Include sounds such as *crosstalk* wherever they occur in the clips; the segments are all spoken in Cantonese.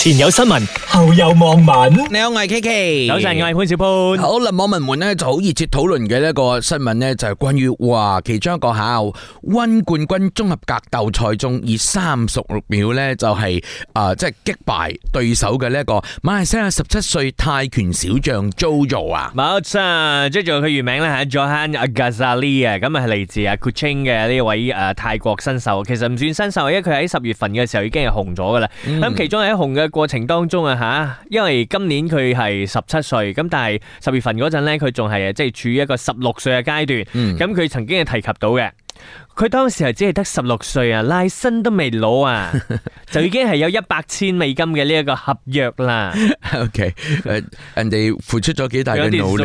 前有新聞，後有網民。你好，我係 Kiki。早晨，我係潘小潘。好啦，網民們咧就好熱切討論嘅一個新聞咧，就係關於哇，其中一個考溫冠軍綜合格鬥賽中，以三十六秒咧就係啊，即係擊敗對手嘅呢一個馬來西亞十七歲泰拳小將 Jojo 啊。冇錯，Jojo 佢原名咧係 Johan Ghazali 啊，咁啊係嚟自啊 Kuching 嘅呢位誒泰國新秀。其實唔算新秀，因為佢喺十月份嘅時候已經係紅咗噶啦。咁其中喺紅嘅。過程當中啊吓，因為今年佢係十七歲，咁但係十月份嗰陣咧，佢仲係即係處於一個十六歲嘅階段，咁佢、嗯、曾經係提及到嘅。佢當時係只係得十六歲啊，拉身都未攞啊，就已經係有一百千美金嘅呢一個合約啦。OK，誒，人哋付出咗幾大嘅努力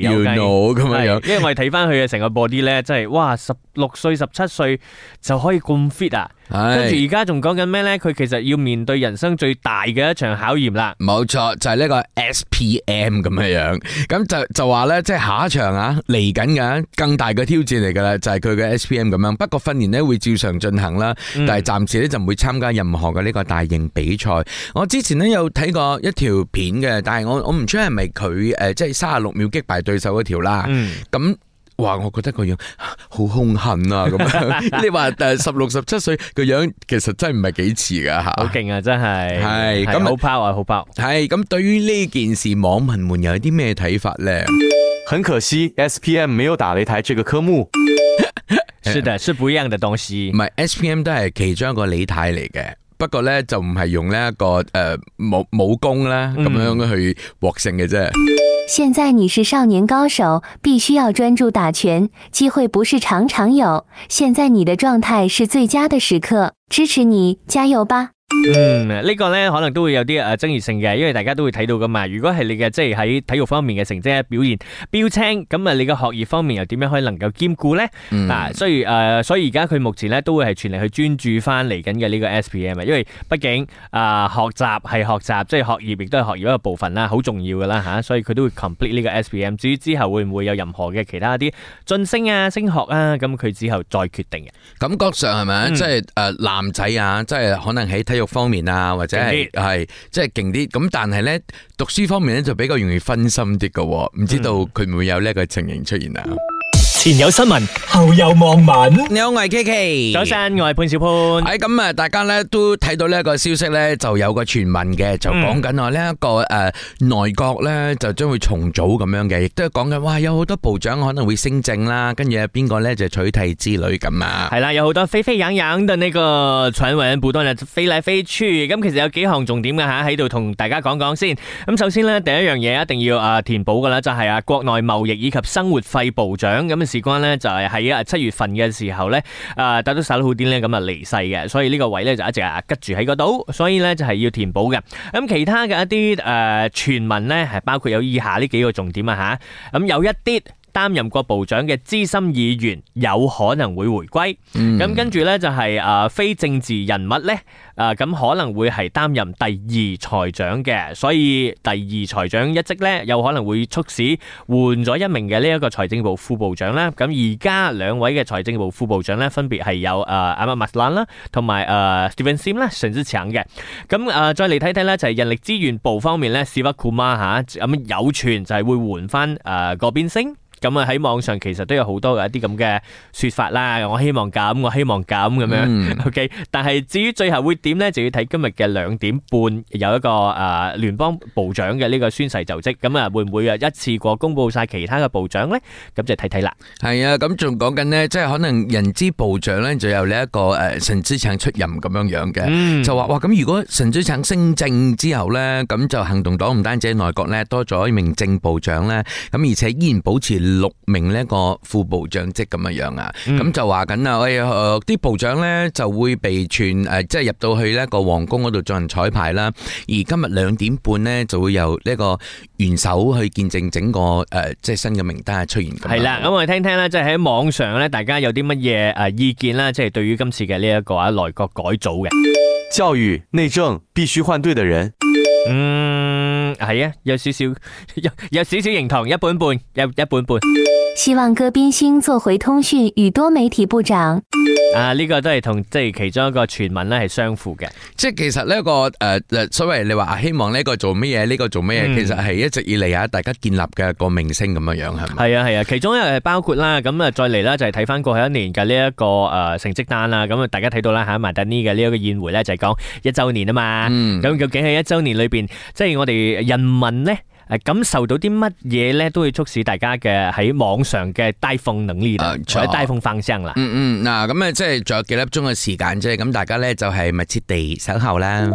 ，you know 咁樣樣，因為我哋睇翻佢嘅成個 body 咧，真係哇，十六歲十七歲就可以咁 fit 啊，跟住而家仲講緊咩咧？佢其實要面對人生最大嘅一場考驗啦。冇錯，就係呢個 SPM 咁樣樣，咁就就話咧，即係下一場啊，嚟緊嘅更大嘅挑戰嚟噶啦，就係佢嘅。p m 咁樣，不過訓練咧會照常進行啦，但係暫時咧就唔會參加任何嘅呢個大型比賽。嗯、我之前呢有睇過一條片嘅，但係我我唔知係咪佢誒，即係卅六秒擊敗對手嗰條啦。咁哇、嗯，我覺得佢樣好兇狠啊！咁樣， *laughs* 你話十六十七歲個樣其實真係唔係幾似噶吓，好勁 *laughs* *laughs* 啊！真係係咁好 power，、啊、好 power。係咁，對於呢件事，網民們有啲咩睇法呢？很可惜，S.P.M. 沒有打擂台這個科目。 *laughs* 是的，是不一樣的東西。唔係 SPM 都係其中一個擂台嚟嘅，不過咧就唔係用呢一個誒武、呃、武功啦咁樣去獲勝嘅啫。 *laughs* 現在你是少年高手，必須要專注打拳，機會不是常常有。現在你的狀態是最佳的時刻，支持你，加油吧！嗯，呢、這個呢，可能都會有啲誒、啊、爭議性嘅，因為大家都會睇到噶嘛。如果係你嘅即係喺體育方面嘅成績表現標青，咁啊你嘅學業方面又點樣可以能夠兼顧呢？嗯、啊，所以誒、呃，所以而家佢目前呢，都會係全力去專注翻嚟緊嘅呢個 S P M，因為畢竟啊、呃、學習係學習，即係學業亦都係學業一個部分啦，好重要噶啦吓。所以佢都會 complete 呢個 S P M。至於之後會唔會有任何嘅其他一啲晉升啊、升學啊，咁佢之後再決定嘅。感覺上係咪？即係誒男仔啊，即係可能喺體方面啊，或者係係即係勁啲，咁、就是、但係咧讀書方面咧就比較容易分心啲㗎，唔知道佢會唔會有呢一個情形出現啊？嗯 *noise* 前有新聞，後有網民。你好，我係 K K。早晨，我係潘小潘。喺咁啊，大家咧都睇到呢一個消息咧，就有個傳聞嘅，就講緊話咧一個誒，內閣咧就將會重組咁樣嘅，亦都係講緊哇，有好多部長可能會升正啦，跟住邊個咧就取締之類咁啊。係啦，有好多飛飛影影嘅呢個傳聞，不斷就飛嚟飛去。咁其實有幾項重點嘅，吓，喺度同大家講講先。咁首先咧，第一樣嘢一定要啊填補嘅啦，就係啊國內貿易以及生活費部長咁啊。事關咧就係喺啊七月份嘅時候咧，誒、呃、打到手好啲咧，咁啊離世嘅，所以呢個位咧就一直啊拮住喺嗰度，所以咧就係要填補嘅。咁、嗯、其他嘅一啲誒傳聞咧係包括有以下呢幾個重點啊吓，咁、嗯、有一啲。擔任過部長嘅資深議員有可能會回歸，咁跟住咧就係誒非政治人物咧，誒咁可能會係擔任第二財長嘅，所以第二財長一職咧有可能會促使換咗一名嘅呢一個財政部副部長啦。咁而家兩位嘅財政部副部長咧分別係有誒阿馬斯蘭啦，同埋誒史蒂文斯啦，甚至搶嘅。咁誒再嚟睇睇咧就係人力資源部方面咧，西瓦古瑪吓，咁有傳就係會換翻誒嗰邊升。咁啊喺網上其實都有好多嘅一啲咁嘅說法啦，我希望咁，我希望咁咁樣，OK。但係至於最後會點咧，就要睇今日嘅兩點半有一個誒聯邦部長嘅呢個宣誓就職，咁啊會唔會啊一次過公布晒其他嘅部長咧？咁就睇睇啦。係啊，咁仲講緊咧，即係可能人資部長咧就由呢一個誒沈志勤出任咁樣樣嘅，就話哇，咁如果沈志勤升正之後咧，咁就行動黨唔單止喺內閣咧多咗一名正部長咧，咁而且依然保持。六名呢個副部長職咁樣樣啊，咁就話緊啦，誒，啲部長咧就會被傳誒，即係入到去呢個皇宮嗰度進行綵排啦。而今日兩點半咧就會由呢個元首去見證整個誒，即係新嘅名單出現。係啦，咁我哋聽聽咧，即係喺網上咧，大家有啲乜嘢誒意見啦？即係對於今次嘅呢一個啊內閣改組嘅教育內政必須換對的人。係啊，有少少有，有少少認同一半半，有一半半。希望哥賓星做回通訊與多媒體部長。啊，呢、這個都係同即係其中一個傳聞咧，係相符嘅。即係其實呢、這個誒、呃、所謂你話希望呢個做乜嘢，呢、這個做乜嘢，嗯、其實係一直以嚟啊，大家建立嘅個名聲咁樣樣係咪？係啊係啊，其中一個係包括啦，咁啊再嚟啦，就係睇翻過去一年嘅呢一個誒成績單啦，咁啊大家睇到啦吓、啊，馬丹尼嘅呢一個宴會咧就係講一周年啊嘛。嗯。咁究竟喺一周年裏邊，即、就、係、是、我哋。人民咧，誒感受到啲乜嘢咧，都會促使大家嘅喺網上嘅低風能力啦，除咗低風翻聲啦。嗯嗯，嗱，咁啊，即係仲有幾粒鐘嘅時間啫，咁大家咧就係密切地守候啦。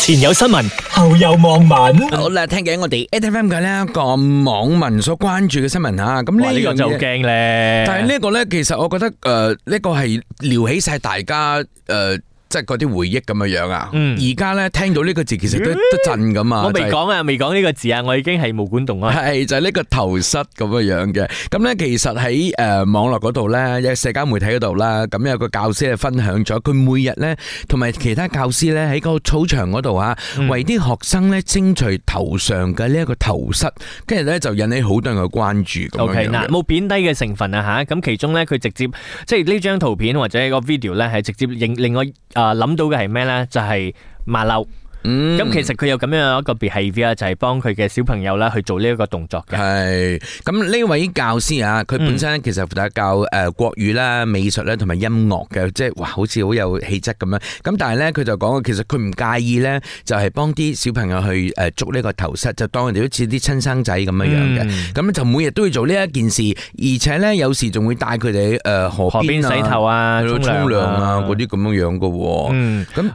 前有新聞，後有網民。好啦，聽緊我哋 ATM 嘅咧個網民所關注嘅新聞嚇，咁呢個就好驚咧。但係呢個咧，其實我覺得誒呢個係撩起曬大家誒。即係嗰啲回憶咁樣樣啊，而家咧聽到呢個字其實都都震噶嘛。我未講啊，未講呢個字啊，我已經係毛管動啊。係就係呢個頭蝨咁樣樣嘅。咁咧其實喺誒網絡嗰度咧，有社交媒體嗰度啦，咁有個教師係分享咗，佢每日咧同埋其他教師咧喺個草場嗰度啊，為啲學生咧清除頭上嘅呢一個頭蝨，跟住咧就引起好多人嘅關注。嗱，冇貶低嘅成分啊吓。咁其中咧佢直接即係呢張圖片或者個 video 咧係直接令令我。啊！諗到嘅係咩咧？就係馬騮。咁、嗯、其實佢有咁樣一個 behavior 就係幫佢嘅小朋友啦去做呢一個動作嘅。係，咁呢位教師啊，佢本身其實負責教誒國語啦、美術啦同埋音樂嘅，嗯、即係哇，好似好有氣質咁樣。咁但係咧，佢就講，其實佢唔介意咧，就係幫啲小朋友去誒捉呢個頭蝨，就當佢哋好似啲親生仔咁樣樣嘅。咁、嗯、就每日都要做呢一件事，而且咧有時仲會帶佢哋誒河邊洗頭啊，去沖涼啊嗰啲咁樣樣嘅、啊。嗯，咁。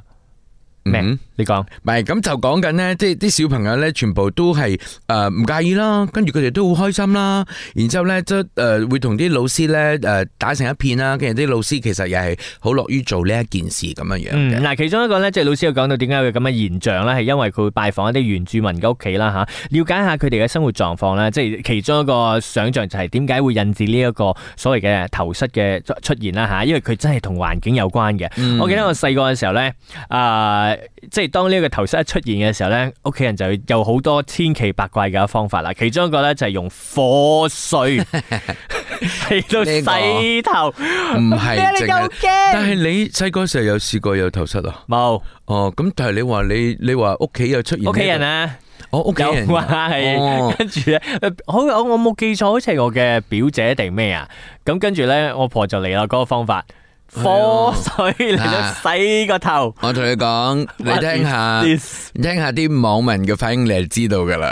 明，嗯、你講唔係咁就講緊呢，即係啲小朋友呢，全部都係誒唔介意啦，跟住佢哋都好開心啦，然之後咧即誒會同啲老師呢，誒、呃、打成一片啦，跟住啲老師其實又係好樂於做呢一件事咁樣樣嗱、嗯啊，其中一個呢，即、就、係、是、老師有講到點解會咁嘅現象呢，係因為佢會拜訪一啲原住民嘅屋企啦吓，了解下佢哋嘅生活狀況咧，即、就、係、是、其中一個想象就係點解會引致呢一個所謂嘅頭虱嘅出現啦吓、啊，因為佢真係同環境有關嘅。嗯、我記得我細個嘅時候呢。誒、呃。即係當呢個頭虱一出現嘅時候咧，屋企人就有好多千奇百怪嘅方法啦。其中一個咧就係用火碎嚟到洗頭，唔係淨係。 *laughs* 你夠驚但係你細個時候有試過有頭虱啊？冇有哦。咁但係你話你你話屋企有出現屋企人啊？我屋企人話係，跟住咧，好我冇記錯好似係我嘅表姐定咩啊？咁跟住咧，我婆就嚟啦，嗰個方法。 *music* 火水嚟到洗個頭，啊、我同你講，你聽下， *laughs* is this? 聽下啲網民嘅反應，你係知道噶啦。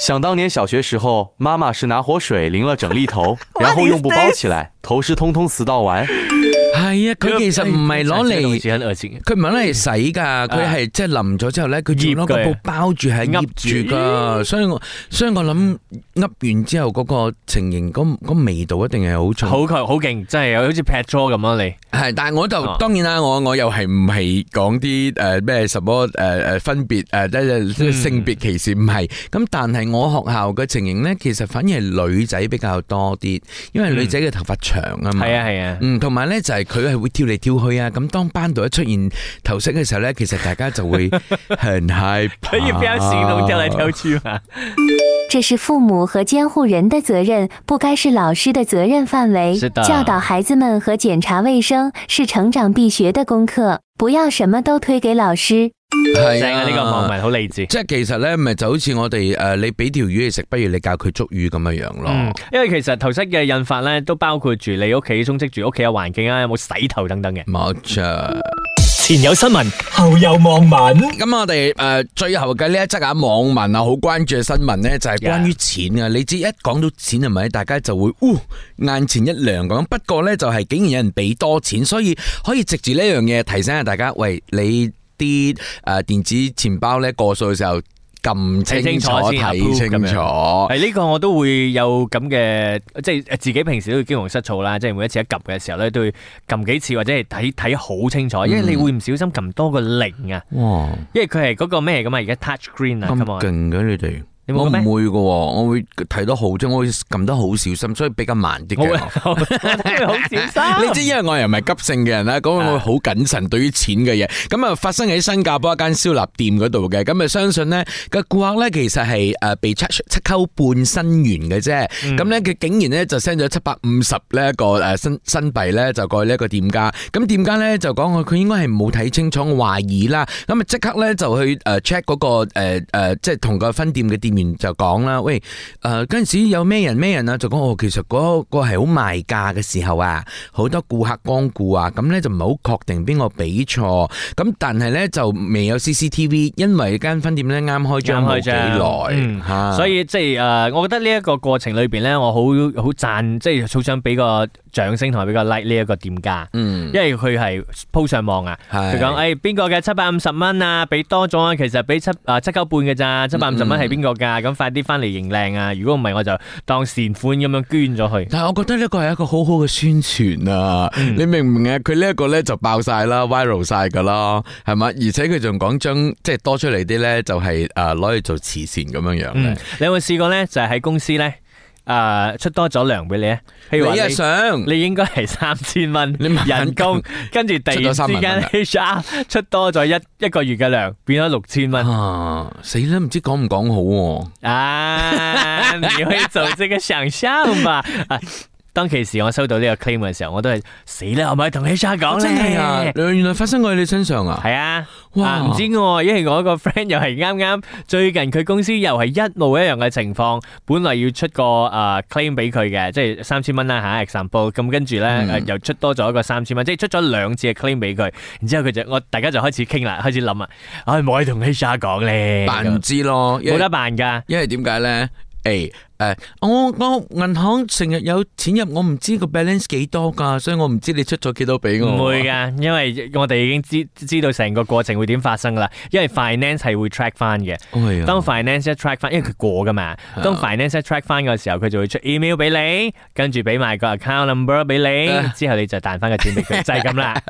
想當年小學時候，媽媽是拿火水淋了整粒頭，然後用布包起來，頭虱通通死到完。係啊，佢其實唔係攞嚟，佢唔係攞嚟洗噶，佢係即係淋咗之後咧，佢用攞個布包住，係搲住噶。所以，所以我諗搲完之後嗰個情形，嗰嗰味道一定係好重，好強，好勁，真係好似劈咗咁咯。你係，但係我就當然啦，我我又係唔係講啲誒咩什麼誒誒分別誒即係性別歧視唔係咁，但係我學校嘅情形咧，其實反而係女仔比較多啲，因為女仔嘅頭髮長啊嘛。係啊係啊，嗯，同埋咧就係。佢係會跳嚟跳去啊！咁當班導一出現頭蝨嘅時候咧，其實大家就會向係可以比較善用跳嚟跳去啊。 *laughs* *laughs* *laughs* 這是父母和監護人的責任，不該是老師的責任範圍。的教導孩子們和檢查衛生是成長必學的功課，不要什麼都推給老師。係啊，呢個網民好理智，即係其實咧，咪就好似我哋誒、呃，你俾條魚去食，不如你教佢捉魚咁樣樣咯、嗯。因為其實頭先嘅印法咧，都包括住你屋企充斥住屋企嘅環境啊，有冇洗頭等等嘅。冇錯。前有新聞，後有網民。咁我哋誒，最後嘅呢一則啊，網民啊，好關注嘅新聞呢，就係關於錢啊。你知一講到錢係咪，大家就會，呃、眼前一亮。咁。不過呢，就係竟然有人俾多錢，所以可以藉住呢樣嘢提醒下大家。喂，你啲誒電子錢包呢，過數嘅時候。咁清楚睇清楚，係呢、這個我都會有咁嘅，即係自己平時都會驚慌失措啦。即係每一次一撳嘅時候咧，都會撳幾次或者係睇睇好清楚，因為你會唔小心撳多個零啊。嗯、因為佢係嗰個咩噶嘛而家 touchscreen 啊，咁勁噶你哋。有有，我唔會嘅，我會睇得好啫，我會撳得好小心，所以比較慢啲嘅。好小心。你知因為我又唔係急性嘅人啦，咁我好謹慎，對於錢嘅嘢。咁啊發生喺新加坡一間燒臘店度嘅，咁啊相信咧個顧客咧其實係誒被七七溝半新元嘅啫。咁咧佢竟然咧就 send 咗七百五十呢一個誒新新幣咧就過去呢一個店家。咁店家咧就講佢佢應該係冇睇清楚，我懷疑啦。咁啊即刻咧就去誒 check 嗰個誒誒、呃呃、即係同個分店嘅店。面就講啦，喂，誒嗰陣時有咩人咩人啊？就講哦，其實嗰、嗰個係好、嗰個、賣價嘅時候啊，好多顧客光顧啊，咁咧就唔好確定邊個俾錯，咁但係咧就未有 CCTV，因為間分店咧啱開張冇幾耐，嚇，嗯啊、所以即係誒，我覺得呢一個過程裏邊咧，我好好賺，即係好想俾個。掌聲同埋比較 like 呢一個店家，嗯、因為佢係鋪上網啊，佢講誒邊個嘅七百五十蚊啊，俾多咗啊，其實俾七啊七九半嘅咋，七百五十蚊係邊個噶？咁快啲翻嚟認領啊！如果唔係，呃嗯啊、我就當善款咁樣捐咗去。但係我覺得呢個係一個好好嘅宣傳啊！嗯、你明唔明啊？佢呢一個咧就爆晒啦，viral 晒噶啦，係嘛？而且佢仲講將即係多出嚟啲咧，就係誒攞去做慈善咁樣樣、嗯、你有冇試過咧？就係、是、喺公司咧？誒，uh, 出多咗糧俾你啊！譬如話你想你應該係三千蚊人工，跟住，第二之間 extra 出多咗一一個月嘅糧，變咗六千蚊。啊，死啦！唔知講唔講好啊， *laughs* 啊？你可以做自己想象嘛。 *laughs* 當其時我收到呢個 claim 嘅時候，我都係死啦，我唔可以同 Hisha 講咧。真係啊，原來發生過喺你身上啊！係啊，哇，唔知喎，因為我一個 friend 又係啱啱最近佢公司又係一模一樣嘅情況，本來要出個誒 claim 俾佢嘅，即係三千蚊啦吓。example 咁跟住咧，又出多咗一個三千蚊，即係出咗兩次嘅 claim 俾佢。然之後佢就我大家就開始傾啦，開始諗啊，我唔可以同 Hisha 講咧，辦唔知咯，冇得辦噶。因為點解咧？誒。我我銀行成日有錢入，我唔知個 balance 幾多噶，所以我唔知你出咗幾多俾我。唔會噶，因為我哋已經知知道成個過程會點發生噶啦。因為 finance 係會 track 翻嘅。當 finance 一 track 翻，因為佢過噶嘛。當 finance 一 track 翻嘅時候，佢就會出 email 俾你，跟住俾埋個 account number 俾你，之後你就彈翻個錢俾佢，就係咁啦。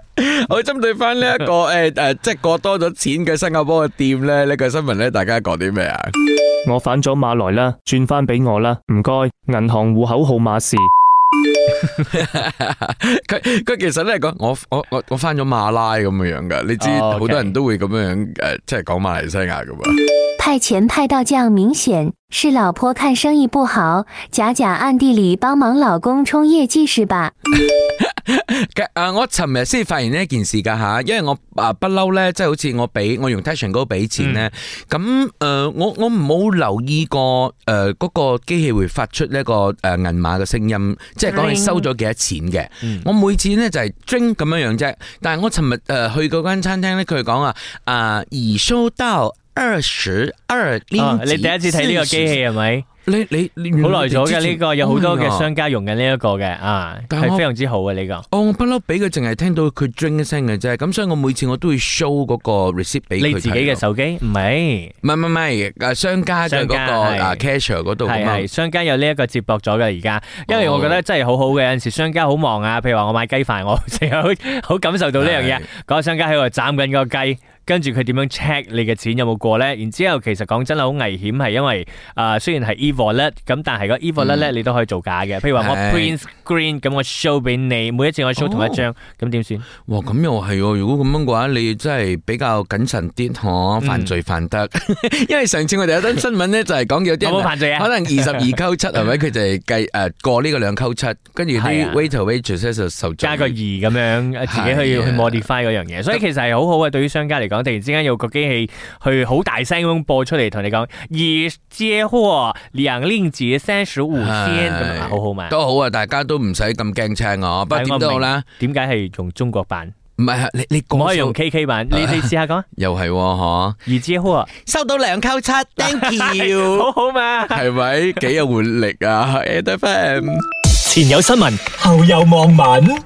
我針對翻呢一個誒誒，即係過多咗錢嘅新加坡嘅店咧，呢個新聞咧，大家講啲咩啊？我反咗馬來啦，轉翻俾我。唔該，銀行戶口號碼是佢佢其實咧講我我我我翻咗馬拉咁樣嘅，oh, okay. 你知好多人都會咁樣樣誒，即係講馬來西亞嘅嘛。派錢派到將，明顯是老婆看生意不好，假假暗地裏幫忙老公衝業績，是吧？ *laughs* 啊！我尋日先發現呢一件事噶嚇，因為我啊不嬲咧，即係好似我俾我用 Touch 'n Go 俾錢咧，咁誒、嗯嗯嗯、我我冇留意過、呃那個誒嗰個機器會發出呢、這個誒銀、呃、碼嘅聲音，即係講你收咗幾多錢嘅。嗯、我每次咧就係叮咁樣樣啫，但係我尋日誒去嗰間餐廳咧，佢講啊啊，已、呃、收到二十二蚊。你第一次睇呢個機器係咪？是。你你好耐咗嘅呢個有好多嘅商家用緊呢一個嘅啊，係非常之好嘅呢個。哦，我不嬲俾佢淨係聽到佢 drink 聲嘅啫，咁所以我每次我都會 show 嗰個 receipt 俾佢睇。你自己嘅手機唔係，唔唔唔，誒，商家在嗰個啊 cashier 嗰度。係係，商家有呢一個接駁咗嘅而家，因為我覺得真係好好嘅，有陣時商家好忙啊，譬如話我買雞飯，我成日好感受到呢樣嘢，嗰個商家喺度斬緊個雞。跟住佢點樣 check 你嘅錢有冇過咧？然之後其實講真係好危險，係因為啊，雖然係 eWallet 咁，但係個 eWallet 咧你都可以做假嘅。譬如話我 print screen 咁，我 show 俾你每一次我 show 同一張，咁點算？哇！咁又係，如果咁樣嘅話，你真係比較謹慎啲，嚇犯罪犯得。因為上次我哋有單新聞咧，就係講有啲冇犯罪啊，可能二十二溝七係咪？佢就係計誒過呢個兩溝七，跟住啲 waiter waitress 就受加個二咁樣，自己去去 modify 嗰樣嘢。所以其實係好好嘅，對於商家嚟講。突然之間有個機器去好大聲咁播出嚟，同你講二姐貨兩令字三十五千，咁樣好好嘛？都好啊，大家都唔使咁驚青啊。不過點都好咧，點解係用中國版？唔係，你你講唔可以用 KK 版？你你試下講。又係嗬，二姐貨收到兩扣七，Thank you，好好嘛？係咪幾有活力啊？Dear fan，前有新聞，後有網民。